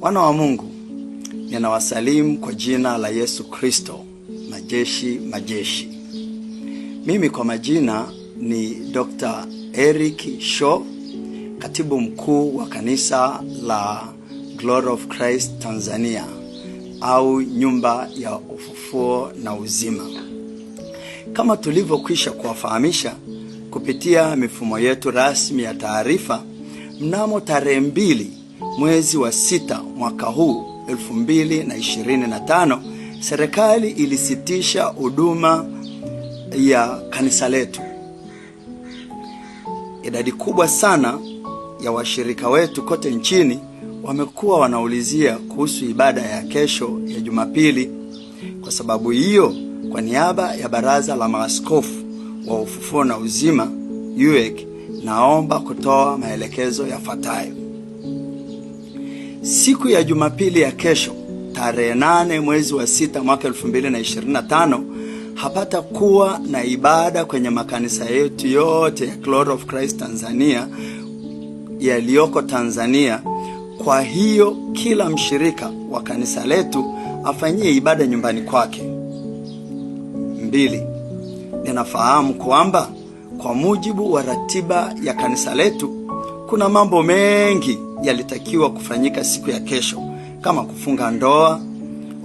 Wana wa Mungu, ninawasalimu kwa jina la Yesu Kristo majeshi majeshi. Mimi kwa majina ni Dr. Eric Shaw, katibu mkuu wa kanisa la Glory of Christ Tanzania au nyumba ya ufufuo na uzima. Kama tulivyokwisha kuwafahamisha kupitia mifumo yetu rasmi ya taarifa mnamo tarehe mbili mwezi wa sita mwaka huu 2025 serikali ilisitisha huduma ya kanisa letu. Idadi kubwa sana ya washirika wetu kote nchini wamekuwa wanaulizia kuhusu ibada ya kesho ya Jumapili. Kwa sababu hiyo, kwa niaba ya Baraza la Maaskofu wa Ufufuo na Uzima UEC, naomba kutoa maelekezo yafuatayo. Siku ya Jumapili ya kesho tarehe nane mwezi wa sita mwaka tano hapata kuwa na ibada kwenye makanisa yetu yote ya Glory of Christ Tanzania yaliyoko Tanzania. Kwa hiyo kila mshirika wa kanisa letu afanyie ibada nyumbani kwake. Mbili, ninafahamu kwamba kwa mujibu wa ratiba ya kanisa letu kuna mambo mengi yalitakiwa kufanyika siku ya kesho, kama kufunga ndoa,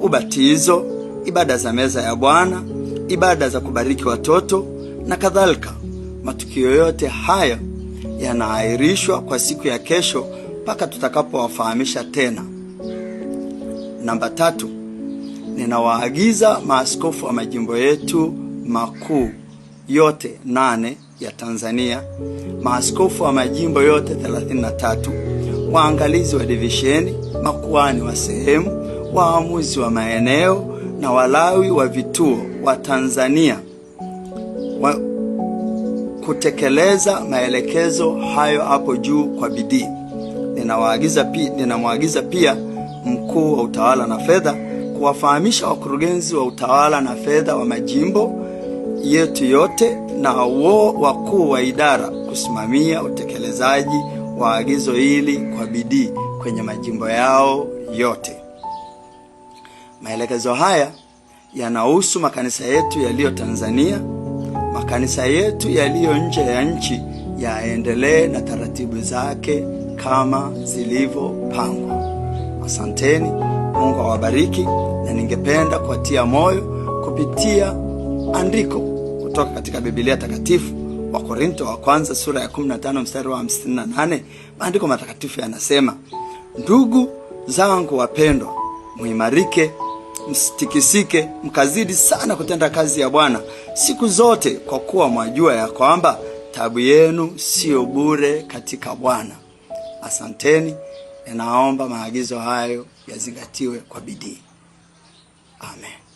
ubatizo, ibada za meza ya Bwana, ibada za kubariki watoto na kadhalika. Matukio yote haya yanaahirishwa kwa siku ya kesho mpaka tutakapowafahamisha tena. Namba tatu, ninawaagiza maaskofu wa majimbo yetu makuu yote nane ya Tanzania, maaskofu wa majimbo yote 33, waangalizi wa divisheni, makuani wa sehemu, waamuzi wa maeneo na walawi wa vituo wa Tanzania wa kutekeleza maelekezo hayo hapo juu kwa bidii. Ninawaagiza pia, ninamwagiza pia mkuu wa utawala na fedha kuwafahamisha wakurugenzi wa utawala na fedha wa majimbo yetu yote na wao wakuu wa idara kusimamia utekelezaji wa agizo hili kwa bidii kwenye majimbo yao yote. Maelekezo haya yanahusu makanisa yetu yaliyo Tanzania. Makanisa yetu yaliyo nje ya nchi yaendelee na taratibu zake kama zilivyopangwa. Asanteni, Mungu awabariki, na ningependa kuwatia moyo kupitia andiko kutoka katika Biblia Takatifu, Wakorintho wa kwanza sura ya 15 mstari wa 58. Maandiko matakatifu yanasema, ndugu zangu wapendwa, muimarike, msitikisike, mkazidi sana kutenda kazi ya Bwana siku zote, kwa kuwa mwajua ya kwamba tabu yenu sio bure katika Bwana. Asanteni, ninaomba maagizo hayo yazingatiwe kwa bidii. Amen.